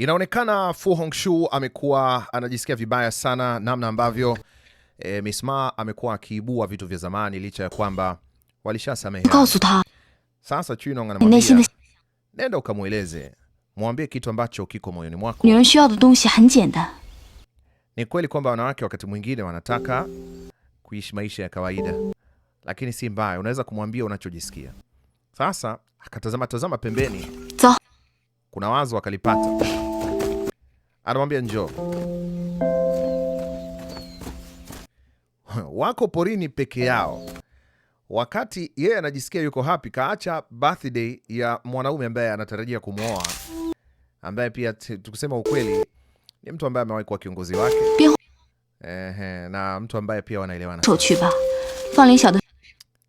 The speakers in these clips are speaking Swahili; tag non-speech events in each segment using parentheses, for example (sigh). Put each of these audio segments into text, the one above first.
Inaonekana Fu Hongxue amekuwa anajisikia vibaya sana namna ambavyo e, Miss Ma amekuwa akiibua vitu vya zamani licha ya kwamba walishasameheana. Sasa Chino anamwambia nenda ukamweleze, mwambie kitu ambacho kiko moyoni mwako. Ni kweli kwamba wanawake wakati mwingine wanataka kuishi maisha ya kawaida, lakini si mbaya, unaweza kumwambia unachojisikia. Sasa akatazama tazama pembeni, kuna wazo akalipata anamwambia njoo. (laughs) Wako porini peke yao, wakati yeye anajisikia yuko happy. Kaacha birthday ya mwanaume ambaye anatarajia kumwoa, ambaye pia tukusema ukweli ni mtu ambaye amewahi kuwa kiongozi wake ehe, na mtu ambaye pia wanaelewana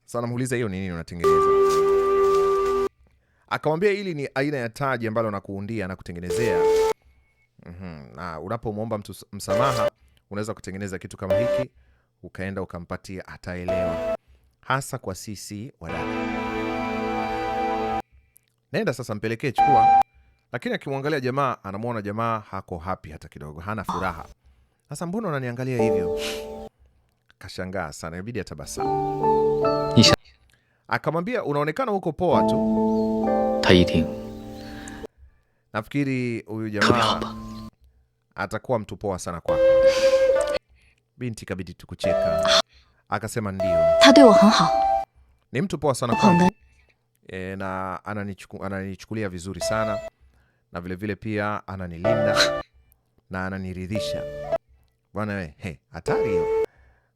sana. Muuliza hiyo ni nini unatengeneza? Akamwambia hili ni aina ya taji ambalo nakuundia na kutengenezea mm -hmm. Na unapomwomba mtu msamaha, unaweza kutengeneza kitu kama hiki, ukaenda ukampatia, ataelewa, hasa kwa sisi wadada. Nenda sasa, mpelekee, chukua. Lakini akimwangalia jamaa, anamwona jamaa hako hapi hata kidogo, hana furaha. Sasa mbona unaniangalia hivyo? Kashangaa sana, ibidi atabasa Akamwambia, unaonekana uko poa tu. Nafikiri huyu jamaa atakuwa mtu poa sana kwako. Binti kabidi tukucheka, akasema ndio, ni mtu poa sana kwako e, na ananichuku, ananichukulia vizuri sana na vilevile vile pia ananilinda na ananiridhisha bwana. We hey, hatari hiyo.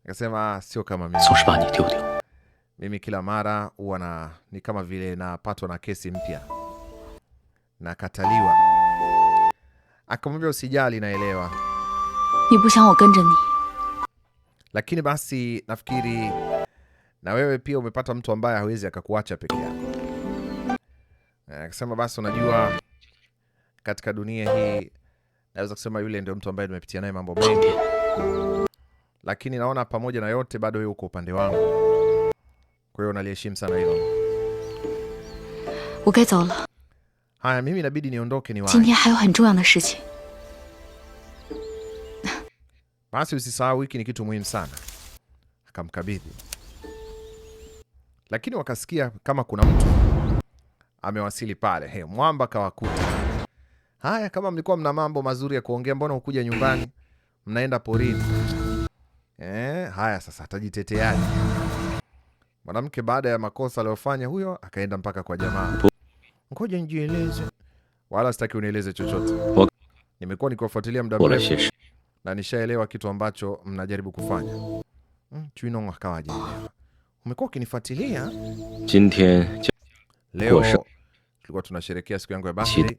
Akasema sio kama mimi mimi kila mara huwa na ni kama vile napatwa na kesi mpya, nakataliwa Akamwambia usijali, naelewa. Lakini basi nafikiri na wewe pia umepata mtu ambaye hawezi akakuacha peke yako. Eh, akasema basi, unajua katika dunia hii naweza kusema yule ndio mtu ambaye nimepitia naye mambo mengi, lakini naona pamoja na yote bado wewe uko upande wangu, kwa hiyo naliheshimu sana hilo. Haya, mimi inabidi niondoke, ni wapi. Basi usisahau hiki ni kitu muhimu sana. Akamkabidhi, lakini wakasikia kama kuna mtu amewasili pale. He, mwamba kawakuta. Haya, kama mlikuwa mna mambo mazuri ya kuongea, mbona ukuja nyumbani? Mnaenda porini eh? Haya, sasa atajiteteaje mwanamke baada ya makosa aliyofanya huyo? Akaenda mpaka kwa jamaa. Ngoja nijieleze. Wala sitaki unieleze chochote. Nimekuwa nikiwafuatilia muda mrefu na nishaelewa kitu ambacho mnajaribu kufanya. Hmm, Chuinong akawa hajaelewa. Umekuwa ukinifuatilia. Leo tulikuwa tunasherekea siku yangu ya birthday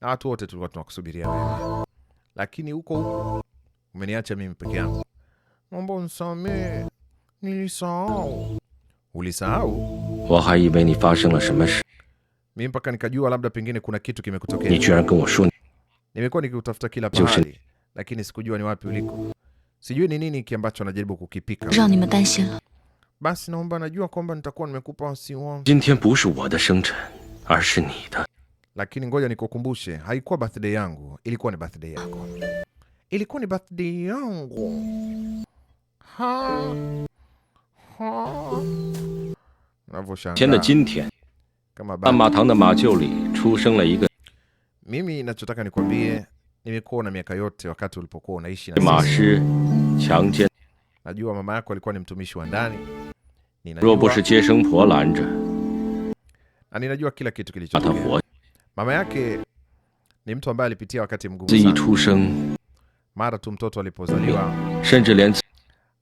na watu wote tulikuwa tunakusubiria wewe, lakini huko umeniacha mimi peke yangu. Naomba unisamehe, nilisahau. Ulisahau? mi mpaka nikajua labda pengine kuna kitu kimekutokea. Nimekuwa nikikutafuta kila pahali, lakini sikujua ni wapi uliko. Sijui ni nini hiki ambacho anajaribu kukipika. Basi naomba, najua kwamba nitakuwa nimekupa wasiwasi, lakini ngoja nikukumbushe, haikuwa birthday yangu, ilikuwa ni birthday yako, ilikuwa ni birthday yangu. Ha. Ha. Kama mathang na majoli chuseng iga. Mimi ninachotaka nikwambie, na miaka yote wakati ulipokuwa unaishi na sisi. Najua mama yako alikuwa ni mtumishi wa ndani. Ninajua. shi po Na ninajua kila kitu kilichotokea. Mama yake ni mtu ambaye alipitia wakati mgumu sana. sheng. Mara tu mtoto alipozaliwa lian.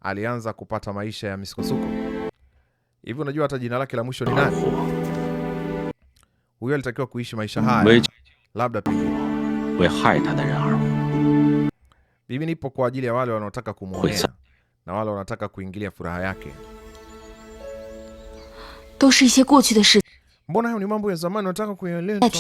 alianza kupata maisha ya misukosuko. Hivi unajua hata jina lake la mwisho ni nani? huyo alitakiwa kuishi maisha haya, labda pengine mimi nipo kwa ajili ya wale wanaotaka kumwonea na wale wanataka kuingilia furaha yake. Mbona hayo ni mambo ya zamani, wanataka kuyaeleza.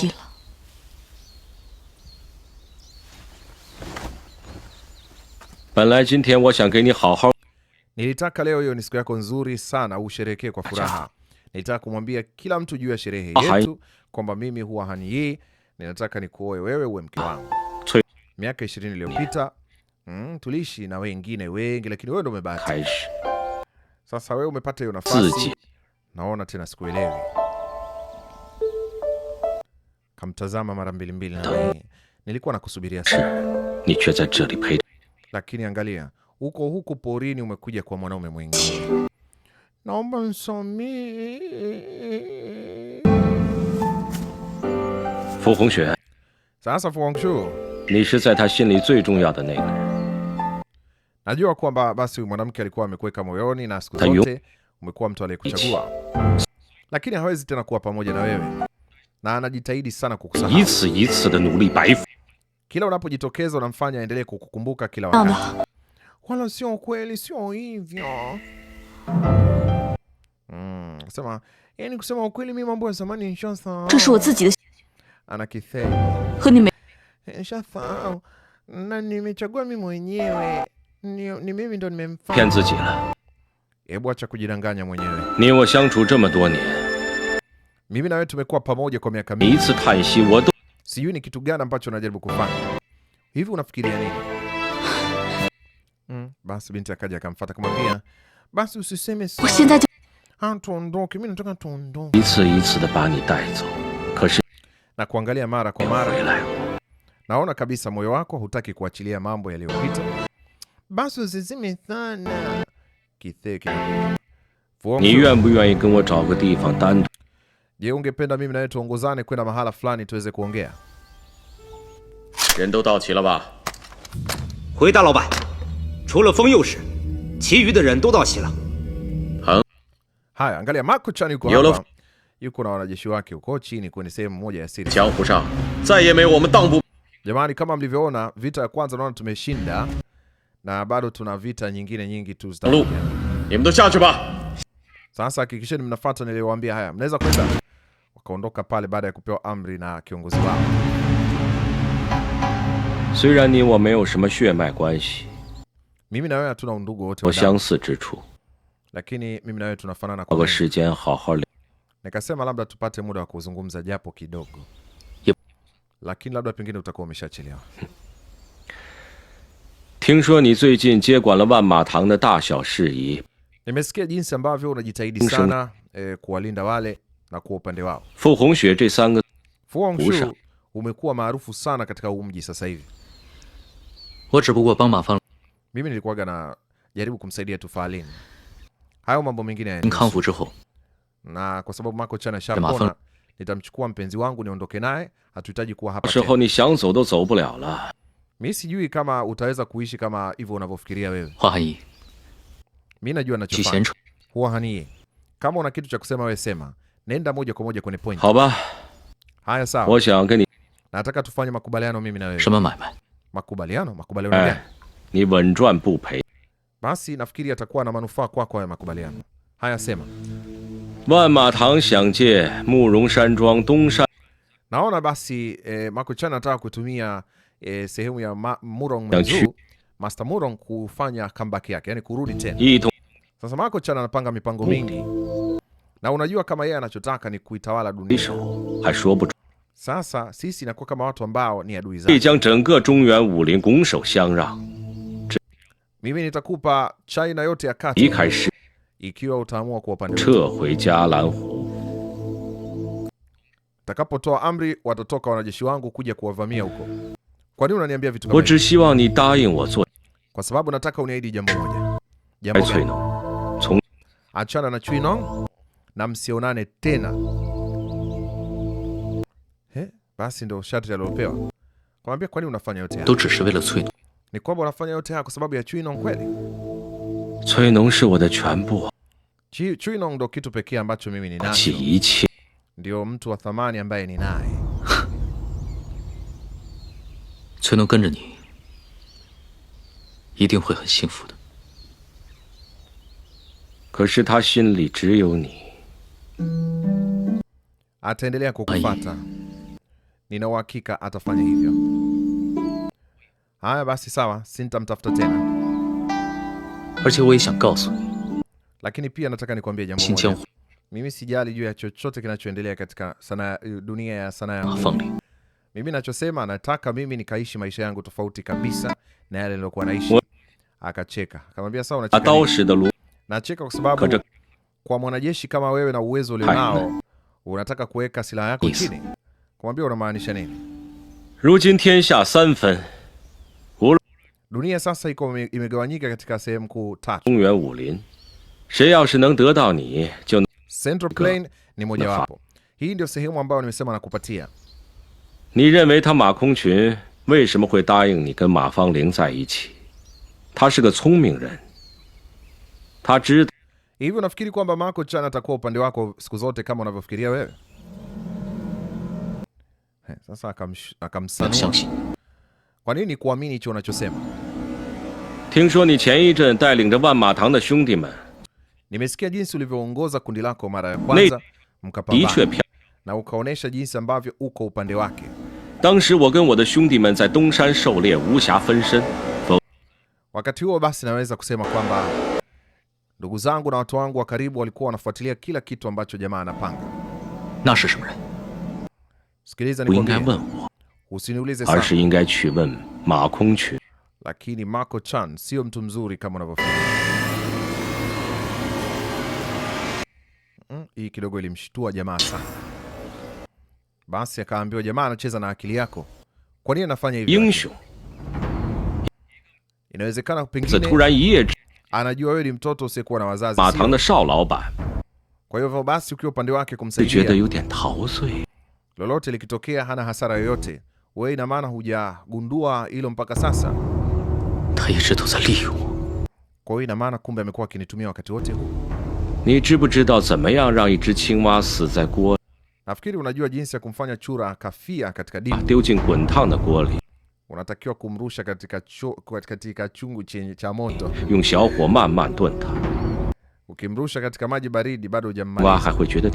Nilitaka leo hiyo ni siku yako nzuri sana usherekee kwa furaha. Nilitaka kumwambia kila mtu juu ya sherehe yetu kwamba mimi huwa haniyii, ninataka nikuoe wewe uwe mke wangu. Miaka ishirini iliyopita mm, tuliishi na wengine wengi, lakini wewe ndo umebahati. Sasa wewe umepata hiyo nafasi, naona tena sikuelewi. Kamtazama mara mbili mbili, nilikuwa nakusubiria sana, lakini angalia huko huku porini, umekuja kwa mwanaume mwingine. Naomba msomee 傅红雪，啥是傅红雪？你是在他心里最重要的那个人。Najua kwamba basi mwanamke alikuwa amekuweka moyoni na siku zote umekuwa mtu aliyekuchagua, lakini hawezi tena kuwa pamoja na wewe na anajitahidi sana kukusahau. Kila unapojitokeza unamfanya aendelee kukukumbuka kila wakati. Wala sio kweli, sio hivyo. Mm, sema, yani kusema ukweli mimi mambo ya zamani nishansa anakithea shafao na nimechagua mi mwenyewe, ni mimi ndo nimemfanya. Hebu acha kujidanganya mwenyewe. Mimi na wewe tumekuwa pamoja kwa miaka mingi, sijui ni kitu gani ambacho najaribu kufanya. Hivi unafikiria nini? Mm, basi binti akaja akamfuata kumwambia, basi usiseme sana, tuondoke. Mimi nataka tuondoke na kuangalia mara kwa mara, naona kabisa moyo wako hutaki kuachilia mambo yaliyopita. Basi zizime sana kitheke. Je, ungependa mimi nawe tuongozane kwenda mahala fulani tuweze kuongea? Haya, angalia Mako Chan yuko hapa yuko na wanajeshi wake huko chini kwenye sehemu moja ya siri. Jamani, kama mlivyoona vita ya kwanza naona tumeshinda na bado tuna vita nyingine nyingi tu zitakuja. Sasa hakikisheni mnafuata niliyowaambia haya. Mnaweza kwenda. Wakaondoka pale baada ya kupewa amri na kiongozi wao. Mimi na wewe hatuna undugu wote. Lakini mimi na wewe tunafanana kwa. Nikasema labda tupate muda wa kuzungumza japo kidogo. Yep. Lakini labda pengine utakuwa umeshachelewa. Nimesikia jinsi ambavyo unajitahidi sana eh, kuwalinda wale na kuwa upande wao. Fu Hongxue Fu Hongxue umekuwa maarufu sana katika huu mji sasa hivi. Mimi nilikuwaga na jaribu kumsaidia tu Fa Lin. Hayo mambo mengine na kwa sababu Michael Chan ashapona, nitamchukua mpenzi wangu niondoke naye, hatuhitaji kuwa hapa tena. Mimi sijui kama utaweza kuishi kama hivyo unavyofikiria wewe. Mimi najua ninachofanya. Huahanie, kama una kitu cha kusema wewe sema, nenda moja kwa moja kwenye point. Haya sawa, nataka tufanye makubaliano mimi na wewe. Makubaliano? Makubaliano eh, gani? Ni basi nafikiri atakuwa na manufaa kwako haya makubaliano. Haya sema. 万马堂想借慕容山庄东山。naona Naona basi eh, Makuchana anataka kutumia eh, sehemu ya ma, Murong Master Murong kufanya comeback yake, yani kurudi tena. Sasa Makuchana anapanga mipango mingi na unajua kama yeye anachotaka ni kuitawala dunia. Sasa sisi inakuwa kama watu ambao ni adui zao. Mimi nitakupa China yote ya kati ikiwa Takapotoa amri, watatoka wanajeshi wangu kuja kuwavamia huko. Kwa nini unaniambia vitu kama hivyo? Kwa sababu nataka uniahidi jambo moja. Jambo gani? Achana na na msionane tena. He, basi sharti alilopewa. Kwa nini unafanya yote haya? Ni kwamba unafanya yote haya kwa sababu ya kweli? 崔农是我的全部，Chui Nong kitu pekee ambacho mimi ni 起 nacho, 一切。ndio mtu wa thamani ambaye ni naye. 崔农跟着你，一定会很幸福的。可是他心里只有你。Ataendelea (laughs) kukufuata, nina uhakika atafanya hivyo. Haya basi, sawa, sintamtafuta tena. Lakini pia nataka nikwambie jambo moja. Mimi sijali juu ya chochote kinachoendelea katika sana, eh, dunia ya sanaa ya muziki. Mimi nachosema nataka mimi nikaishi maisha yangu tofauti kabisa na yale nilokuwa naishi. Akacheka. Akamwambia sawa, unacheka. Nacheka kwa sababu kwa mwanajeshi kama wewe na uwezo ulionao unataka kuweka silaha yako chini. Kumwambia unamaanisha nini? Rujin tiansha sanfen Dunia sasa iko imegawanyika katika sehemu kuu tatu. Central Plain ni mojawapo. Hii ndio sehemu ambayo nimesema nakupatia. Hivyo nafikiri kwamba Ma Kongqun atakuwa upande wako siku zote kama unavyofikiria wewe. Sasa akamsanua kwa nini kuamini hicho unachosema? Nimesikia jinsi ulivyoongoza kundi lako mara ya kwanza mkapambana na ukaonesha jinsi ambavyo uko upande wake. Wakati huo basi, naweza kusema kwamba ndugu zangu na watu wangu wa karibu walikuwa wanafuatilia kila kitu ambacho jamaa anapanga. Sikiliza nikwambie Usiniulize sana. ingai Ma lakini Marco Chan sio mtu mzuri kama unavyofikiri. Mm, hii kidogo ilimshtua jamaa sana. Basi akaambiwa jamaa anacheza na akili yako. Kwa nini anafanya hivyo? Inawezekana pengine anajua wewe ni mtoto usiyekuwa na wazazi. Kwa hivyo basi ukiwa upande wake kumsaidia. Lolote likitokea hana hasara yoyote wewe ina maana hujagundua hilo mpaka sasa. Kwa hiyo ina maana kumbe amekuwa akinitumia wakati wote huu. Nafikiri unajua jinsi ya kumfanya chura kafia katika dimu. Unatakiwa kumrusha katika, cho, katika chungu chenye cha moto. Ukimrusha katika maji baridi bado hujamaliza.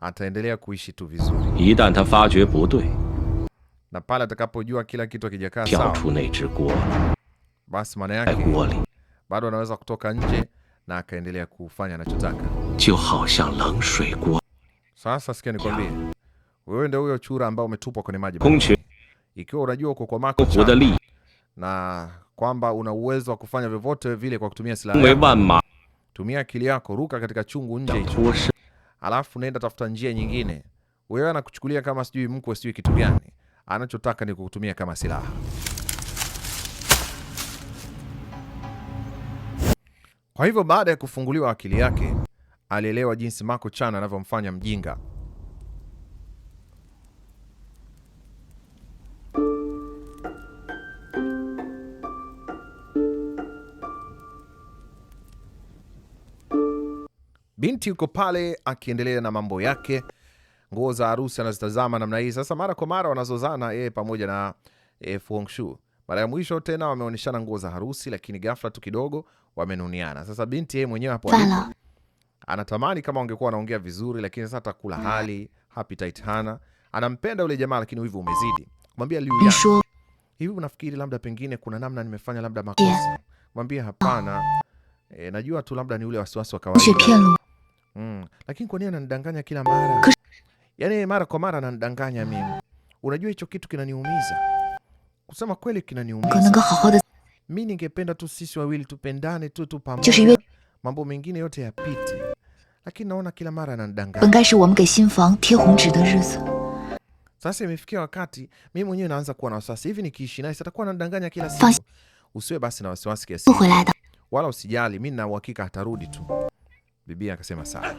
Ataendelea kuishi tu vizuri na pale atakapojua kila kitu akijakaa sawa, basi maana yake bado anaweza kutoka nje na akaendelea kufanya anachotaka. Sasa sikia nikwambie, wewe ndio huyo chura ambao umetupwa kwenye maji. Ikiwa unajua uko kwa mako na kwamba una uwezo wa kufanya vyovyote vile kwa kutumia silaha, tumia akili yako, ruka katika chungu nje hicho, alafu nenda tafuta njia nyingine. Wewe anakuchukulia kama sijui mkwe, sijui kitu gani anachotaka ni kukutumia kama silaha. Kwa hivyo baada ya kufunguliwa akili yake, alielewa jinsi Mako Chan anavyomfanya mjinga. Binti yuko pale akiendelea na mambo yake nguo za harusi anazitazama namna hii. Sasa mara kwa mara wanazozana yeye pamoja na e, Fu Hongxue. Mara ya mwisho tena wameonyeshana nguo za harusi, lakini ghafla tu kidogo wamenuniana. Sasa binti yeye mwenyewe hapo alipo anatamani kama wangekuwa wanaongea vizuri, lakini sasa atakula hali appetite hana. Anampenda yule jamaa, lakini wivu umezidi. Mwambie Liu Yang, hivi unafikiri labda pengine kuna namna nimefanya labda makosa? Mwambie ah. hapana, e, najua tu labda ni ule wasiwasi wa kawaida. Mm, lakini kwa nini ananidanganya kila mara? yani mara kwa mara ananidanganya mimi. Unajua hicho kitu kinaniumiza, kusema kweli kinaniumiza. Mi ningependa tu sisi wawili tupendane tu tu pamoja, mambo mengine yote yapite, lakini naona kila mara ananidanganya. Sasa imefikia wakati mi mwenyewe naanza kuwa na wasiwasi, hivi nikiishi naye sitakuwa ananidanganya kila siku. Usiwe basi na wasiwasi kiasi, wala usijali, mi nina uhakika atarudi tu. Bibi akasema sawa.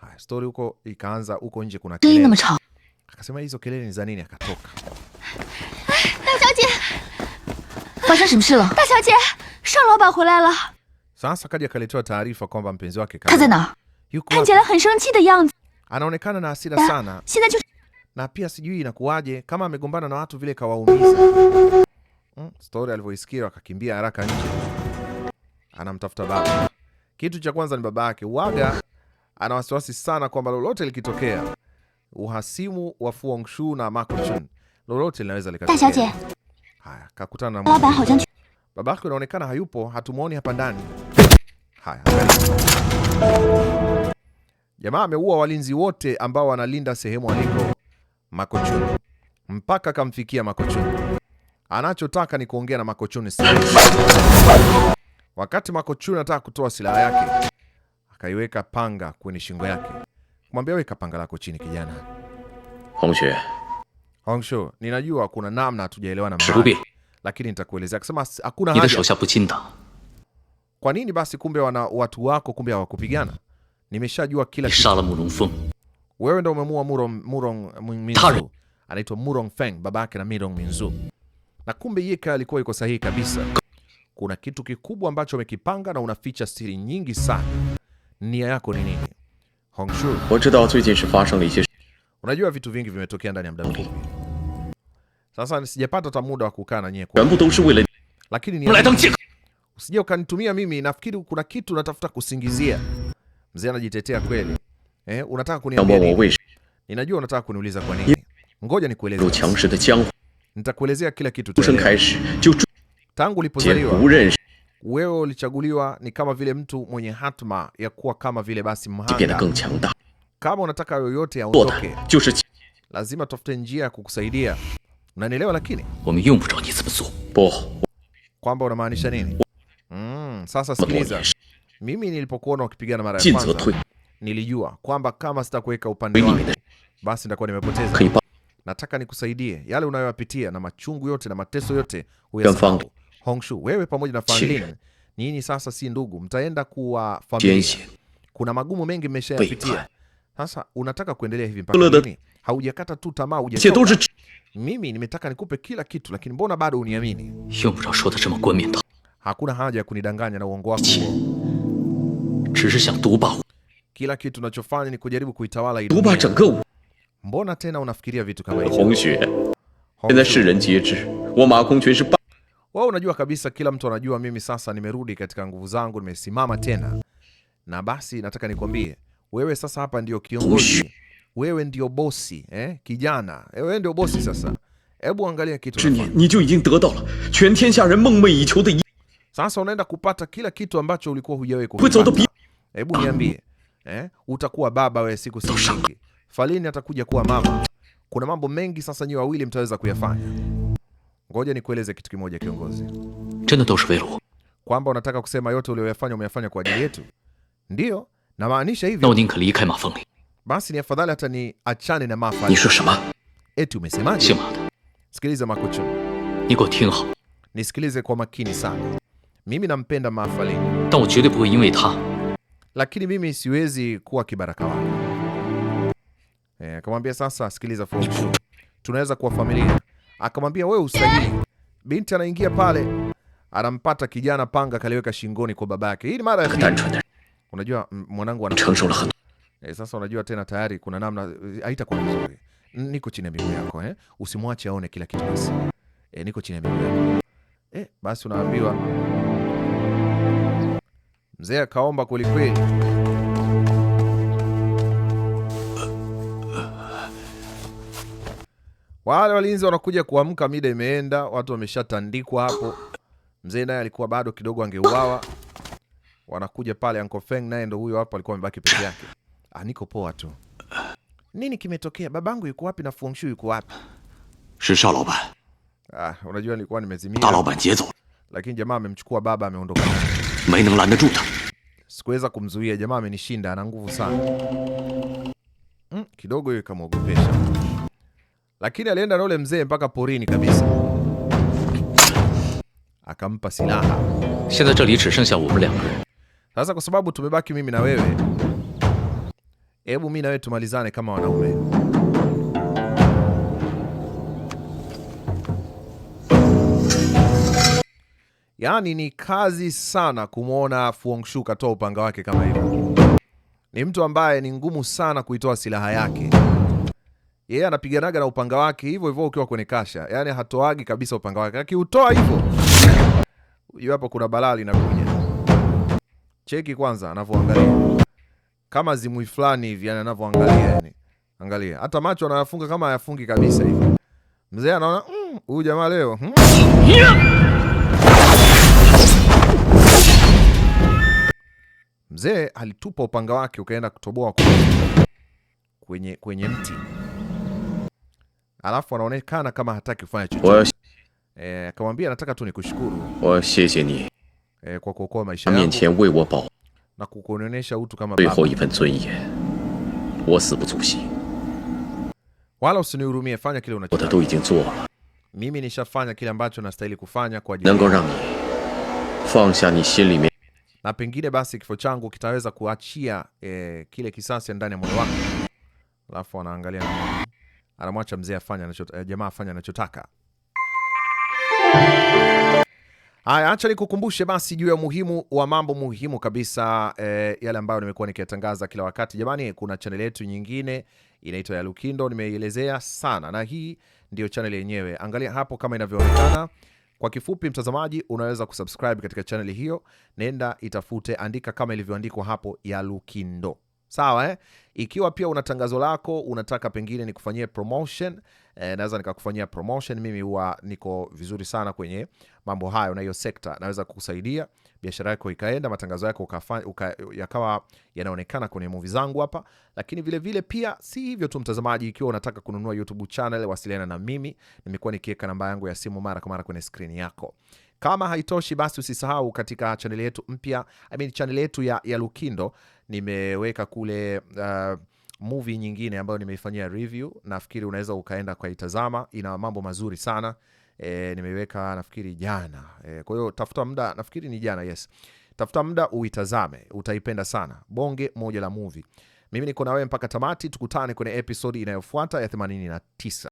Haya, stori huko ikaanza, huko nje kuna kelele. Akasema hizo kelele ni za nini? Akatoka. Sasa kaja akaletewa taarifa kwamba mpenzi wake anaonekana na hasira sana, na pia sijui inakuwaje kama amegombana na watu vile kawaumiza. Hmm, stori alivyoisikia akakimbia haraka nje, anamtafuta baba. Kitu cha kwanza ni baba yake uaga ana wasiwasi sana kwamba lolote likitokea, uhasimu wa Fu Hongxue na Ma Kongqun, lolote linaweza likatokea. Haya, kakutana na inaonekana hayupo, hatumuoni hapa ndani. Haya, jamaa ameua walinzi wote ambao wanalinda sehemu aliko Ma Kongqun, mpaka akamfikia Ma Kongqun. Anachotaka ni kuongea na Ma Kongqun. Wakati Ma Kongqun anataka kutoa silaha yake akaiweka panga kwenye shingo yake, kumwambia weka panga lako chini kijana. Hongshu, Hongshu, ninajua kuna namna hatujaelewana mahali, lakini nitakuelezea. Akasema hakuna haja. Kwa nini basi? Kumbe wana watu wako, kumbe hawakupigana. Nimeshajua kila kitu. Wewe ndio umemua Murong Murong Minzu, anaitwa Murong Feng, babake na Mirong Minzu, na kumbe Yika alikuwa yuko sahihi kabisa. Kuna kitu kikubwa ambacho umekipanga na unaficha siri nyingi sana nia yako ni nini? unajua vitu vingi vimetokea ndani ya muda mfupi. Sasa sijapata hata muda wa kukaa na nyewe, lakini usije ukanitumia mimi. Nafikiri kuna kitu unatafuta kusingizia. Mzee anajitetea kweli. Eh, unataka kuniambia nini? Ninajua unataka kuniuliza kwa nini. Ngoja nikueleze. Nitakuelezea kila kitu. Tangu ulipozaliwa wewe ulichaguliwa ni kama vile mtu mwenye hatma ya kuwa kama vile basi mhanga. Kama unataka yoyote yaondoke, lazima tafute njia ya kukusaidia. Unanielewa? Lakini kwamba unamaanisha nini? Mm, sasa sikiliza, mimi nilipokuona ukipigana mara ya kwanza nilijua kwamba kama sitakuweka upande wangu, basi nitakuwa nimepoteza. Nataka nikusaidie yale unayoyapitia na machungu yote na mateso yote huyasahau. Hongshu, wewe pamoja na Fan nini sasa si ndugu, mtaenda kuwa familia. Kuna magumu mengi mmeshayapitia, sasa unataka kuendelea hivi mpaka lini? Haujakata tu tamaa, hujachoka. Mimi nimetaka nikupe kila kitu, lakini mbona bado uniamini? Hakuna haja ya kunidanganya na uongo wako. Kila kitu nachofanya ni kujaribu kuitawala hii dunia. Mbona tena unafikiria vitu kama hivyo? Wewe unajua kabisa, kila mtu anajua mimi sasa nimerudi katika nguvu zangu, nimesimama tena. Na basi nataka nikwambie wewe sasa hapa ndio kiongozi, wewe ndio bosi eh, kijana eh, wewe ndio bosi sasa. Hebu angalia kitu sasa, unaenda kupata kila kitu ambacho ulikuwa hujawahi kupata. Hebu niambie eh, utakuwa baba wewe siku si nyingi, Falini atakuja kuwa mama. Kuna mambo mengi sasa nyi wawili mtaweza kuyafanya. Ngoja nikueleze kitu kimoja kiongozi, kwamba unataka kusema yote uliyoyafanya umeyafanya kwa ajili yetu? Ndiyo, namaanisha hivyo. Basi ni afadhali hata ni achane na maafa. Eti umesemaje? Sikiliza Makuchu, nisikilize kwa makini sana. Mimi nampenda mafa maafa lakini mimi siwezi kuwa kibaraka wako. Eh, kamwambia sasa, sikiliza, tunaweza kuwa familia akamwambia wewe usajili. Binti anaingia pale, anampata kijana, panga kaliweka shingoni kwa yake. Hii ni mara ya pili. Unajua mwanangu ana eh, sasa unajua tena tayari kuna namna eh, haitakuwa vizuri. Niko chini ya miguu yako eh, usimwache aone kila kitu basi. Eh, niko chini ya miguu yako eh, basi unaambiwa mzee akaomba kwelikweli. Wale walinzi wanakuja kuamka, mida imeenda, watu wameshatandikwa hapo. Mzee naye alikuwa bado kidogo angeuawa. Wanakuja pale, Uncle Feng naye ndo huyo hapo, alikuwa amebaki peke yake. Ah, niko poa tu. Nini kimetokea? Babangu yuko wapi na Fu Hongxue yuko wapi? Shi Laoban. Ah, unajua nilikuwa nimezimia. Da Laoban jie Lakini jamaa amemchukua baba ameondoka. Mei neng lan de zhu ta. Sikuweza kumzuia, jamaa amenishinda, ana nguvu sana. Mm, kidogo hiyo ikamwogopesha lakini alienda na ule mzee mpaka porini kabisa, akampa silaha. Sasa kwa sababu tumebaki mimi na wewe, hebu mimi na wewe tumalizane kama wanaume. Yaani ni kazi sana kumwona Fu Hongxue katoa upanga wake kama hivyo. Ni mtu ambaye ni ngumu sana kuitoa silaha yake yeye yeah, anapiganaga na upanga wake hivyo hivyo ukiwa kwenye kasha, yani hatoagi kabisa upanga wake, akiutoa hivyo, hiyo hapo kuna balaa linakuja. Cheki kwanza anavyoangalia kama zimwi fulani hivi, yani anavyoangalia, yani angalia, hata macho anayafunga kama hayafungi kabisa hivi. Mzee anaona mm, huyu jamaa leo yeah. Hmm. mzee alitupa upanga wake ukaenda kutoboa kwenye, kwenye mti alafu anaonekana kama hataki kufanya chochote. Eh, akamwambia nataka tu nikushukuru eh, kwa kuokoa maisha yangu na kukuonyesha utu kama baba. Wala usinihurumie, fanya kile unachotaka. Mimi nishafanya kile ambacho nastahili kufanya kwa ajili yako. Na pengine basi kifo changu kitaweza kuachia eh, kile kisasi ndani ya moyo wako. Alafu anaangalia na anamwacha mzee afanye eh, jamaa afanye anachotaka. Haya, acha nikukumbushe basi juu ya umuhimu wa mambo muhimu kabisa e, yale ambayo nimekuwa nikiyatangaza kila wakati. Jamani, kuna chaneli yetu nyingine inaitwa ya Lukindo, nimeielezea sana, na hii ndiyo chaneli yenyewe. Angalia hapo kama inavyoonekana. Kwa kifupi, mtazamaji, unaweza kusubscribe katika chaneli hiyo, nenda itafute, andika kama ilivyoandikwa hapo ya Lukindo sawa eh? Ikiwa pia una tangazo lako unataka pengine nikufanyie promotion eh, naweza nikakufanyia promotion. Mimi huwa niko vizuri sana kwenye mambo hayo na hiyo sekta, naweza kukusaidia biashara yako ikaenda, matangazo yako yakawa yanaonekana kwenye movie zangu hapa. Lakini vile vile pia si hivyo tu, mtazamaji, ikiwa unataka kununua YouTube channel, wasiliana na mimi. Nimekuwa nikiweka namba yangu ya simu mara kwa mara kwenye screen yako. Kama haitoshi basi, usisahau katika chaneli yetu mpya, I mean chaneli yetu ya, ya Lukindo nimeweka kule uh, movie nyingine ambayo nimeifanyia review, nafikiri unaweza ukaenda kaitazama ina mambo mazuri sana e, nimeweka nafikiri jana e, kwa hiyo tafuta muda, nafikiri ni jana, yes, tafuta muda uitazame, utaipenda sana. Bonge moja la movie. Mimi niko na wewe mpaka tamati, tukutane kwenye episodi inayofuata ya 89.